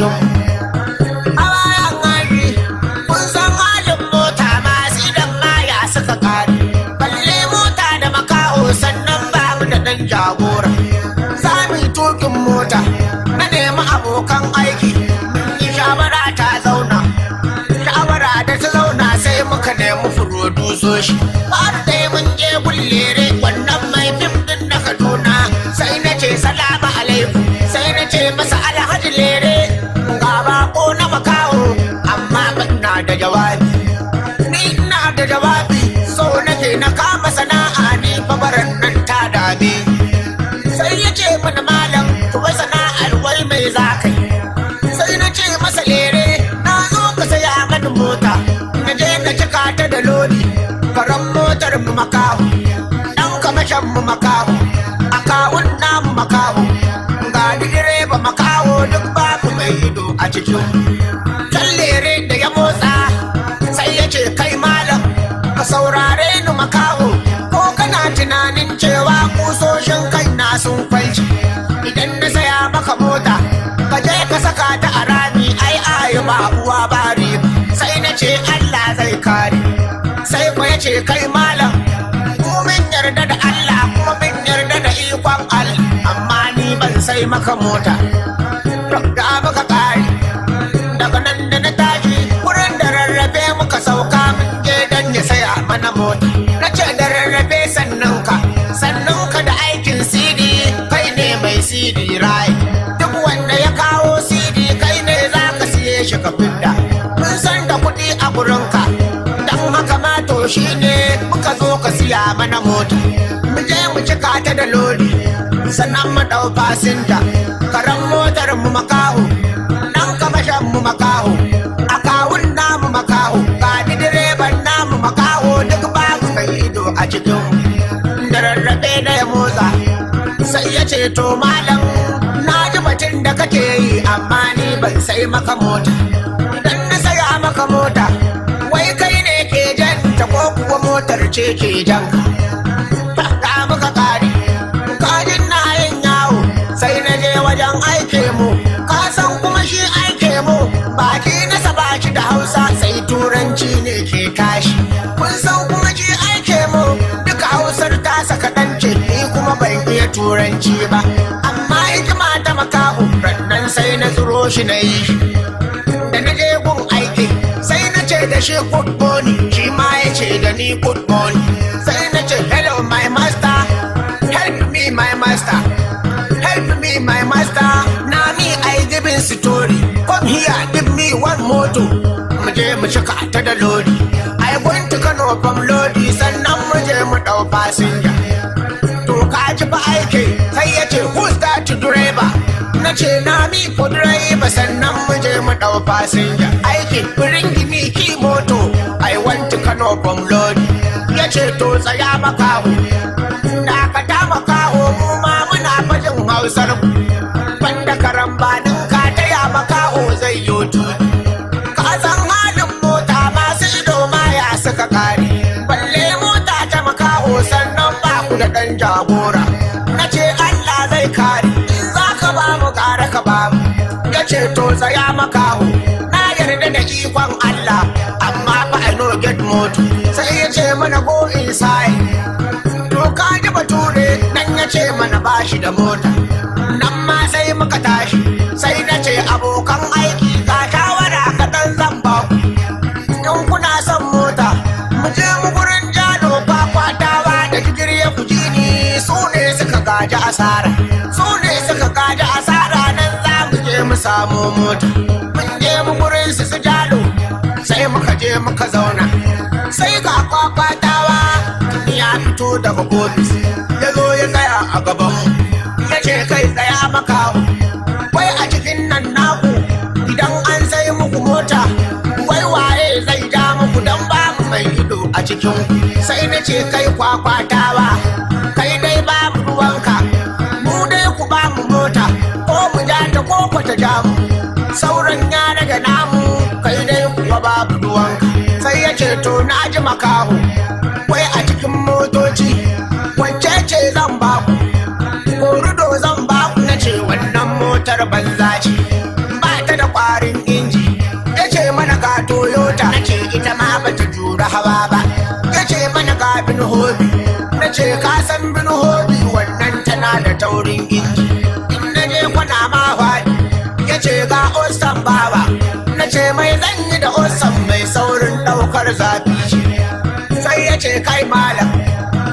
Gracias. makaho ɗan kamashin mu makaho kawun namu makaho ga direba makaho duk babu mai ido a cikin tallere da ya motsa sai ya ce kai malam ka saurare ni makaho ko kana tunanin cewa kusoshin kai na sun kwalci idan na saya maka mota ka je ka saka ta a rami ai ayi ba uwa bari sai na ce Allah zai kare sai kwa ya ce kai malam sai maka mota da baka kare daga nan na tashi wurin da rarrafe muka sauka mun je dan ya saya mana mota na ce da rarrafe sannan ka sannan ka da aikin cd kai ne mai cd rai duk wanda ya kawo cd kai ne za ka siye shi ka fidda mun san da kuɗi a gurinka dan haka ma to shi ne muka zo ka siya mana mota mu je mu cika ta da lodi sannan mu ɗau fasinta karan motar mu makaho ka kamashan mu makaho a kawun namu makaho ga direban namu makaho duk babu mai ido a cikin da rarrafe da ya motsa sai ya ce to malam na ji batun da kake yi amma ni ban sai maka mota dan na saya maka mota wai kai ne ke janta ko kuwa motar ce ke janka da hausa sai turanci ne ke tashi kun san kuma ji aike mu duka hausar ta saka dan ce ni kuma ban iya turanci ba amma hikima ta makaho rannan sai na zuro shi na yi da na je gun aiki sai na ce da shi good morning shi ma ya ce da ni good morning sai na ce hello my master help me my master help me my master na mi i giving story come here give me one motor je mu cika ta da lodi ai ka kano fam lodi sannan muje je mu dau fasinja to ka ji ba aiki sai ya ce who's that driver na ce na mi for driver sannan muje je mu dau fasinja aiki bring me ki moto ai want ka kano fam lodi ya ce to tsaya makawo na ka ta makawo mu ma muna fajin hausar tsakani balle mota ta makaho sannan ba ku da ɗan jagora na ce Allah zai kare in za ka ba mu kare ka ba mu ya ce to tsaya makaho na yarda da ikon Allah amma ba a no get moto sai ya ce mana go inside to ka ji bature nan ya ce mana bashi da mota nan ma sai muka tashi sai na ce abokan asara su ne suka gada asara nan za mu je mu samu mota mun je mu gurin su su jalo sai muka je muka zauna sai ga kwakwatawa ya fito daga ofis ya zo ya tsaya a gaban mu ya ce kai tsaya maka wai a cikin nan naku idan an sai muku mota wai waye zai ja muku dan mu mai ido a cikin sai na ce kai kwakwatawa kwata damu sauran ya daga namu kai dai kuwa babu ruwan sai ya ce to na ji makaho wai a cikin motoci wacce ce zan baku korido zan baku na ce wannan motar banza ce ba ta da kwarin inji ya ce mana ga toyota na ce ita ma ba ta jura hawa ba ya ce mana ga bin hobi na ce ka san bin hobi wannan tana da taurin inji osan baba na ce mai zan yi da osan mai saurin daukar zafi sai ya ce kai malam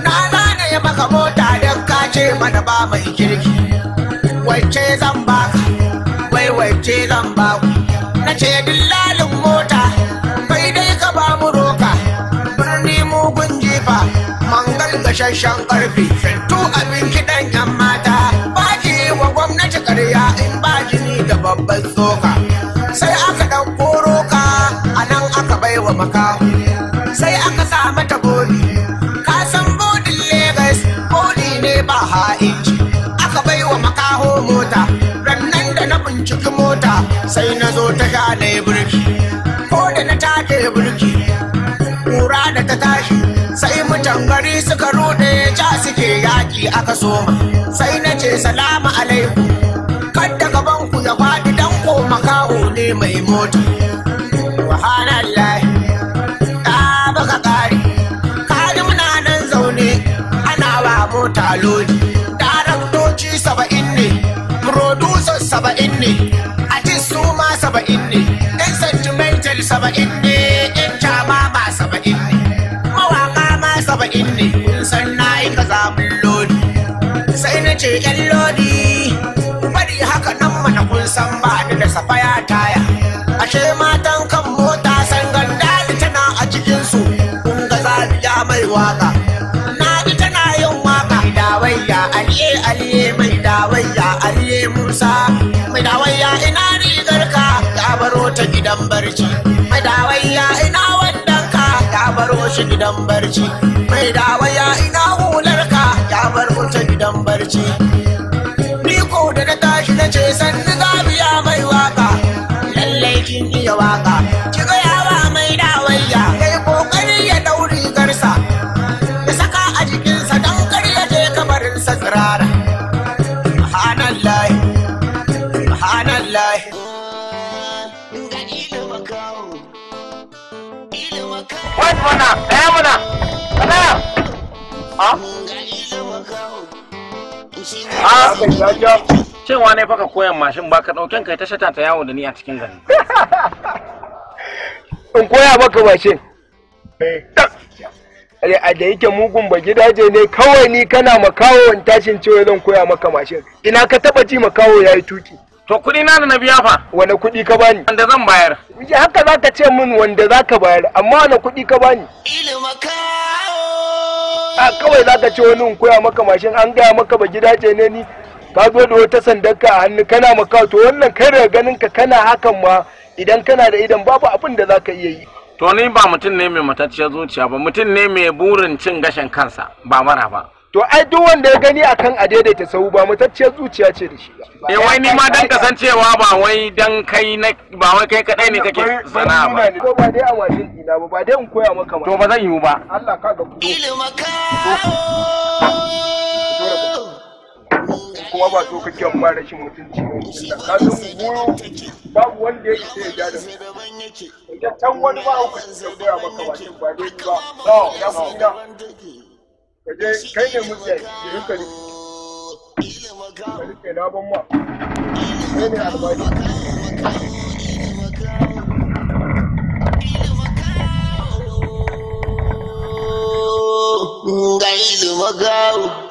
na zana ya maka mota don ka ce mana ba mai kirki wacce zan baka wai wacce zan baku na ce dillalin mota mai dai ka ba mu roka birni mugun jifa mangal gashashen karfe fintu abin kiɗan yan mata da babban tsoka sai aka ɗauko koro ka a nan aka baiwa maka sai aka sa mata boli ka san bodin Legas boli ne ba ha'inci aka baiwa makaho mota rannan da na binciki mota sai na zo ta sha na birki ko da na take birki kura da ta tashi sai mutan gari suka rude ja suke yaki aka soma sai na ce Salamu alaikum Kawo ne mai mota wahalar ta baka kare kani nan zaune ana wa mota lodi daraktoci saba'in ne producer saba'in ne artist su ma saba'in ne ɗan sentimental saba'in ne ɗan cama ba saba'in ne mawaka ma saba'in ne Sannan na yi zaɓin lodi sai na ce yan lodi kun san ba ni da safaya taya ashe matan kan mota san ganda ni tana a cikin su kun ga mai waka na ji tana yin waka dawayya aliye aliye mai dawayya aliye musa mai dawayya ina rigar ka ya baro ta gidan barci mai dawayya ina wannan ka ya baro shi gidan barci mai dawayya ina hular ka ya baro ta gidan barci ni ko da na tashi na ce sannan da waka ki gayawa mai dawayya yayi kokari ya dauri garsa ya saka a jikinsa don kar ya je kabarin sa tsirara eh, Ah, cewa ne faka koyan mashin ba ka ɗauken kai ta shata ta yawo da ni a cikin gari (laughs) in koya maka mashin eh, a da yake mugun ba gidaje ne kawai ni kana makawo in tashin cewa zan koya maka mashin ina ka taba ji makawo ya yi tuki to kuɗi na na biya fa wani kuɗi ka bani wanda zan bayar haka za ka ce min wanda za ka bayar amma wani kuɗi ka bani a kawai za ka ce wani in koya maka mashin an gaya maka ba gidaje ne ni ka zo da wata sandar ka a hannu kana makawa to wannan kai daga ganin ka kana hakan ma idan kana da idan babu abin da zaka iya yi to ni ba mutum ne mai matacciyar zuciya ba mutum ne mai burin cin gashin kansa ba mara ba to ai duk wanda ya gani akan a daidaita sau ba matacciyar zuciya ce da shi ba eh wai ni ma dan kasancewa ba wai dan kai na ba wai kai kadai ne kake sana'a ba ko ba dai a wajin ina ba ba dai in koya maka ba to ba zan yiwu ba Allah ka ga ku ilmaka kuma ba dokakken ba rashin mutunci ne ka san mu babu wanda ya sai ya ja da mu da can wani ba da ya koya maka ba ba dai ba no na fina ka je kai ne mu ya yi ka ne ka rike ban ma kai ne albashi Guys, my magau,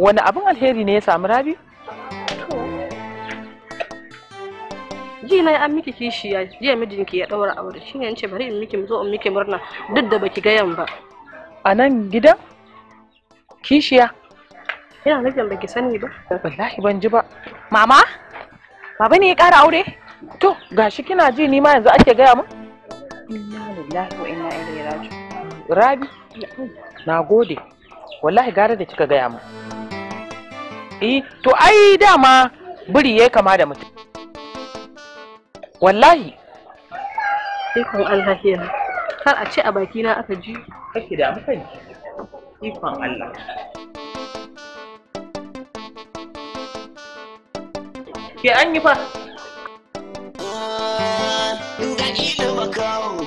wani abin alheri ne ya samu rabi ji na an miki kishiya jiya mijinki ya daura aure shine yace bari in miki zo in miki murna duk da baki ga ba a nan gidan kishiya ina nufin baki sani ba wallahi ban ji ba mama baba ne ya kara aure to gashi kina ji ni ma yanzu ake gaya mu inna lillahi wa ina ilaihi raji'un rabi na gode wallahi gara da kika gaya mu eh to ai dama buri ya kama da mutum wallahi ikon Allah kenan kar a ce a baki na aka ji kake da mukan ikon Allah ke an yi fa ga ilimin kawo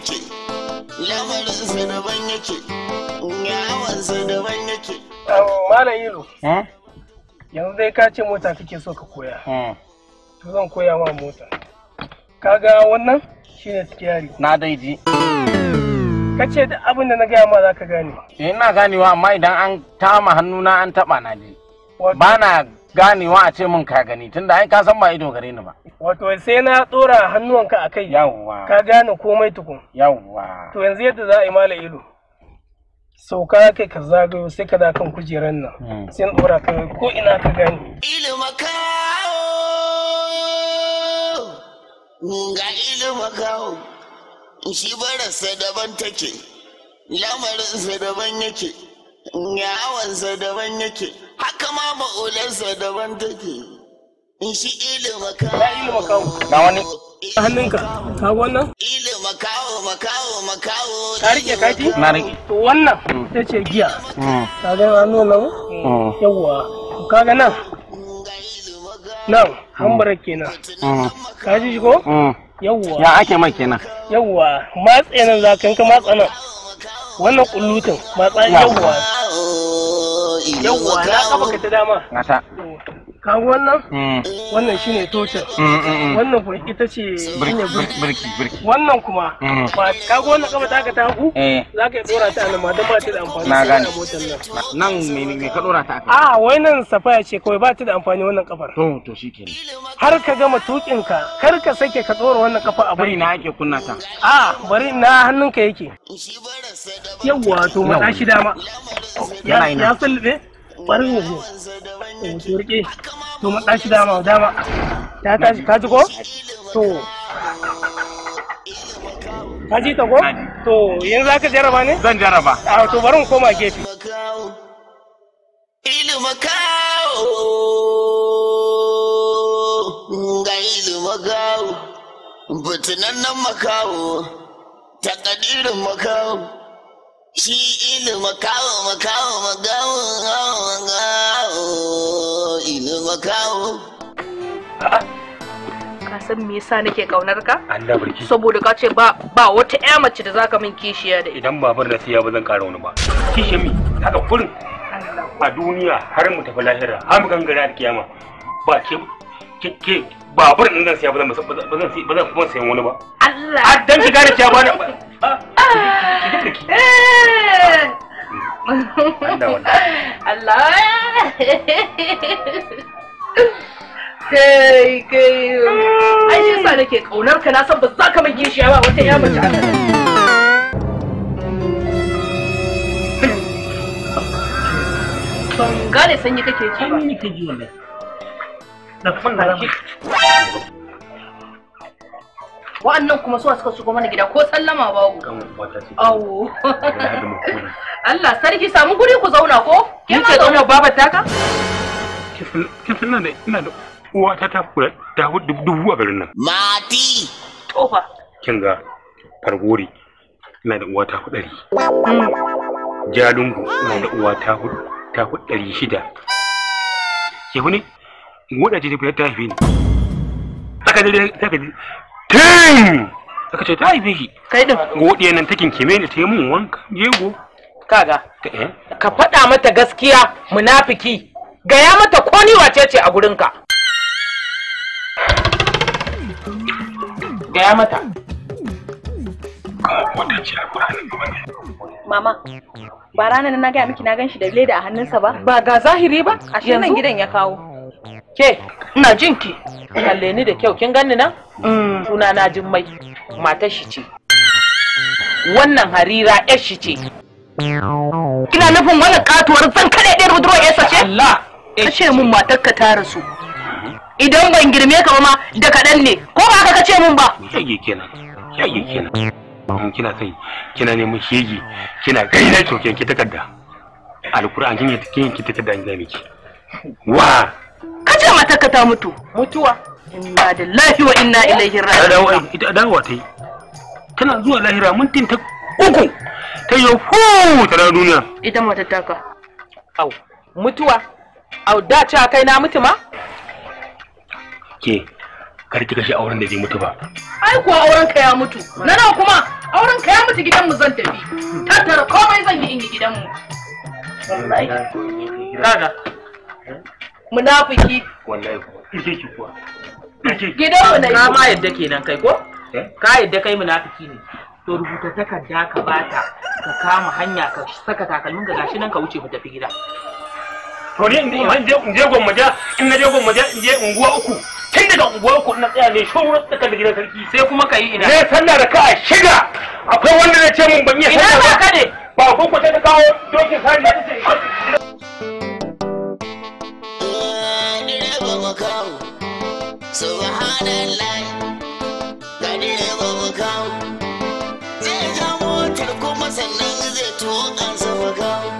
yake lamarinsa daban yake yawansa daban yake malam ilu eh? yanzu dai ka ce mota kake so ka koya eh. to zan koya ma mota kaga wannan shine sikiyari na dai ji ka ce duk abin da na gaya ma za ka gane eh, ina ganewa amma idan an tama hannuna an taba na ji ba na ganewa a ce min ka gani tunda ai ka san ba ido gare ni ba wato sai na tsora hannuwanka a kai yawwa ka gane komai tukun yawwa to yanzu yadda za a yi mala ido sauka kai ka zagayo sai ka da kan kujeran nan hmm. sai na tsora ka ko ina ka gane ilimaka ga kawo. shi daban take lamarinsa daban yake yawansa daban yake haka ma ma'ulansa daban take in shi ile kawo. ya ile makawo wani hannunka ka wannan ile makawo makawo makawo ka rike kati na rike to wannan hmm. ita ce giya hmm. ka ga hannu nan hmm. yawwa ka ga nan nan hambara kenan ka ji ko yawwa ya ake mai kenan yawwa matsayin nan za ka yanka matsa nan wannan kullutun matsa yawwa Yau wata yawwa na kafa ka ta dama kawo wannan mm. wannan shi ne totar mm, mm, wannan kuma ita ce Birki. birki wannan kuma ba wannan kama taka ta hagu eh. za ka yi dora ta nan ma don ba ta da amfani na gane nan nan me ka dora ta a ah, wai nan safaya ce kawai ba ta da amfani wannan kafar to to shikenan har ka gama tukin ka kar ka sake ka dora wannan kafa a bari na yake kunna ta a ah, bari na hannunka yake yawwa to mata shi dama ya sulbe ƙwarin gaje to rike to matsa shi dama dama ta tashi ka ji ko to ka ji ta ko to yanzu za jaraba ne zan jaraba a to bari mu koma gefe ilimi kawo ga ilimi kawo fitinannen makawo takadirin makawo shi ilu makawo makawo magawo makawo ilu makawo ka san me yasa nake kaunar ka Allah barki saboda ka ce ba ba wata ƴa mace da zaka min kishiya da idan babar na siya ba zan ƙara wani ba kishiya mi haka kurin a duniya har mu tafi lahira har mu gangara da kiyama ba ke ke babur nan zan siya ba zan ba zan ba zan sayan wani ba Allah dan ki gane cewa ba Allah kai kai ai shi yasa nake kaunar ka na san ba za ka mai gishiya ba wata ya mace ban sanyi kake ji ba sanyi kake ji da wa'annan kuma suwa suka shigo mana gida ko sallama babu awo (laughs) Allah sarki samu guri ku zauna ko ke ma zauna baba taka kifin nan da ina da uwa ta ta kula ta dubu a garin nan mati tofa kin ga fargori ina da uwa ta dari. jalungu ina da uwa ta hudu ta dari shida ke hune wadace ta haife ni saka dare saka tin aka ce ta yi shi kai din godiya nan takin kime ne ta yi mun wanka jego kaga eh? ka faɗa mata gaskiya munafiki gaya mata ko ni wace ce a gurinka gaya mata Mama, ba ranar na gaya miki na gan shi da leda a hannunsa ba? Ba ga zahiri ba, a nan gidan ya kawo. Ke, ina jin ki. Kalle ni da kyau, kin ganni nan? Suna na mm. Jummai, matar shi ce. Wannan harira yar shi ce. Kina nufin wani katuwar zan kaɗe ɗayar budurwa ya sace Allah! Ka ce min matarka ta rasu. Idan ban girme ka ba ma da kaɗan ne, ko ba ka ce min ba? Yage kenan, yage kenan. Mm, kina sai, kina neman shege, kina gaina kyokken ki takarda. Alkur'an kin yi kin ki takarda an gane ki. Wa! matarka ta mutu mutuwa inna lillahi wa inna ilaihi raji'un eh, ita adawa ta yi tana zuwa lahira mintin ta uku ta yi hu ta da duniya ita matar taka au mutuwa au da cewa kai na mutu ma ke kar ki kashe auren da zai mutu ba ai kuwa auren ka ya mutu na nawa kuma auren ka ya mutu gidan mu zan tafi tattara komai zan yi in yi gidan mu wallahi kaga munafiki wallahi ko ki kuwa gidan mu na ka ma yadda kenan kai ko eh? ka yadda kai munafiki ne to rubuta takarda ka bata ka kama hanya ka saka takalmin ka gashi nan ka wuce mu tafi gida to ni in je in je gwammaja in na je gwammaja in je unguwa uku tun daga unguwa uku na tsaya ne shuru tsaka da gidan sarki sai kuma ka yi ina ne sallah da ka a shiga akwai wanda zai ce mun ban yi sallah ina ba ka ne ba ko ko ta kawo dokin sani da ta mu kawo subhanallah gadire ba mu kawo zai ja motar kuma sannan zai tuwo kansa mu kawo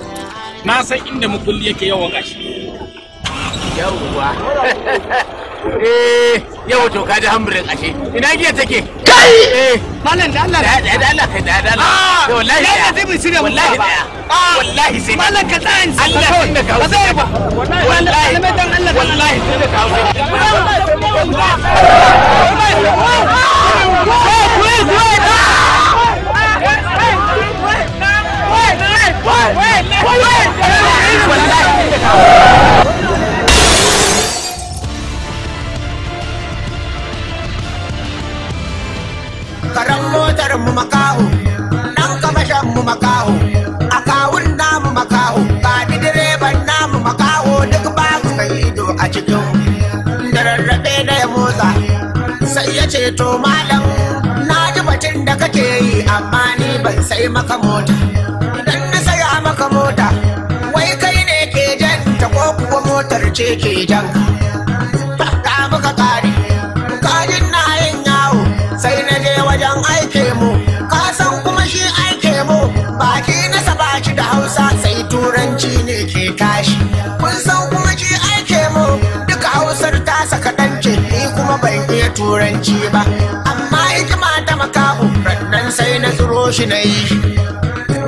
na san inda mukulli yake yawan gashi yawwa eh yawa to kaji hamburin ashe ina giya take kai malam da Allah da da Allah kai da da Allah wallahi da sai mun shirya wallahi da wallahi sai mallan ka tsayan Allah inda ka wallahi ba wallahi mai dan Allah wallahi sai ka wallahi to malam na ji batun da kake yi amma ni ban sai maka mota idan na saya maka mota wai kai ne ke jan ta ko kuwa motar ce ke jan ka muka kare kajin na yin yawo sai na je wajen aike mu ka san kuma shi aike mu baki nasa baki da hausa sai turanci ne ke tashi kun iya turanci ba amma ma ta makaho dan sai na tsuro shi na yi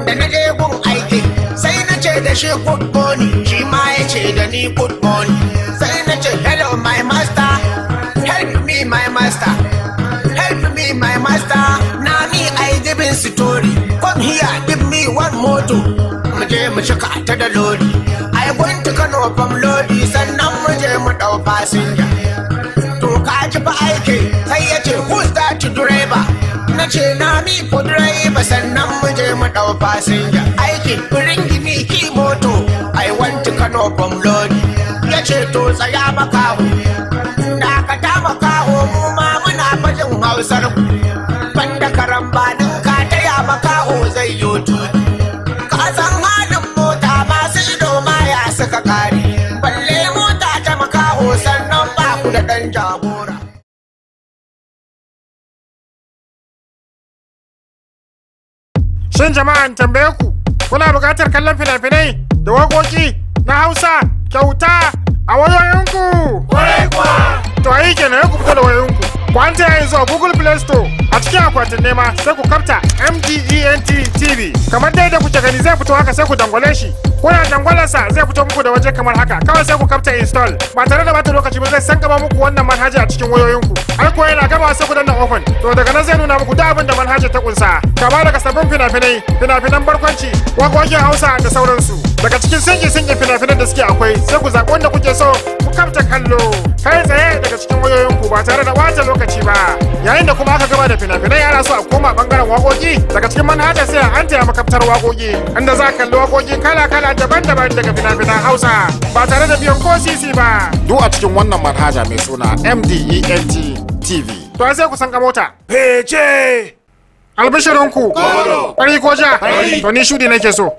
da na je gun aiki sai na ce da shi good morning shi ma ya ce da ni good morning sai na ce hello my master help me my master help me my master na mi i giving story come here give me one moto mu je mu cika ta da lori i going to kano from lodi sannan mu je mu dau passenger na ce na mi kudurai ba sannan muje mu dau fasinja aiki birin gimi ki moto i want to kano from lodi ya ce to tsaya makaho Na ka ta makaho mu ma muna fajin hausar ku banda ka taya makaho zai yi tuti Shin jama'an tambaye ku kuna buƙatar kallon fina-finai da waƙoƙi na Hausa kyauta a wayoyinku? Kwarai kuwa! To yi kenan ku fito da wayoyinku. Ku an ta yanzu a Google Play Store a cikin akwatin nema sai ku kafta MDENT TV. Kamar dai da kuke gani zai fito haka sai ku dangwale shi. Kuna sa, zai fito muku da waje kamar haka kawai sai ku kafta install. Ba tare da bata lokaci ba zai san gaba muku wannan manhaja a cikin wayoyinku. Ai ko yana gaba sai ku danna open. To daga nan zai nuna muku duk abin da manhaja ta kunsa. Kama daga sabbin fina-finai, fina-finan barkwanci, waƙoƙin Hausa da sauransu. daga cikin sanya sanya fina-finan da suke akwai sai ku zaɓi wanda kuke so ku kamta kallo kai tsaye daga cikin wayoyinku ba tare da wata lokaci ba yayin da kuma aka gaba da fina-finai ana so a koma bangaren wakoki daga cikin manhaja sai an taya makaftar wakoki inda za a kalli wakoki kala-kala daban-daban daga fina-finan hausa ba tare da biyan ko sisi ba duk a cikin wannan manhaja mai suna mdent tv to sai ku san ka mota fece Albishirinku, ƙwari ko ja, to ni shudi nake so.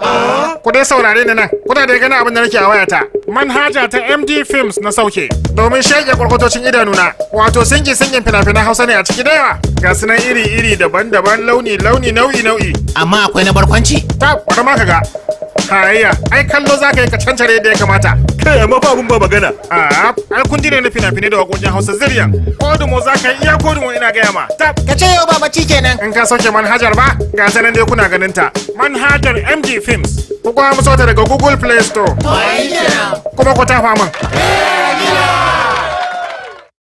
Ku dai saurare ni nan, kuna da gani abin da nake a wayata. Manhaja ta MD Films na sauke, domin shaƙe kwarkwatocin idanuna, wato sinki singin fina-finan Hausa ne a ciki da yawa. Ga su iri-iri daban-daban launi-launi nau'i-nau'i. Amma akwai na barkwanci? Ta, ma ka ga. Hayya, ai kallo za ka yi ka cancare da ya kamata. Kai amma fa abun ba magana. Ah, ai kun ji ne na fina-finai da wakokin Hausa ziryan. Kodumo za ka yi iya kodumo ina gaya ma. Ta, ka ce yau ba bacci kenan. In ka sauke manhajar ba, ga ta nan dai kuna ganin ta. Manhajar MG Films. Ku kuma musu daga Google Play Store. Kuma ku ta faman. Eh,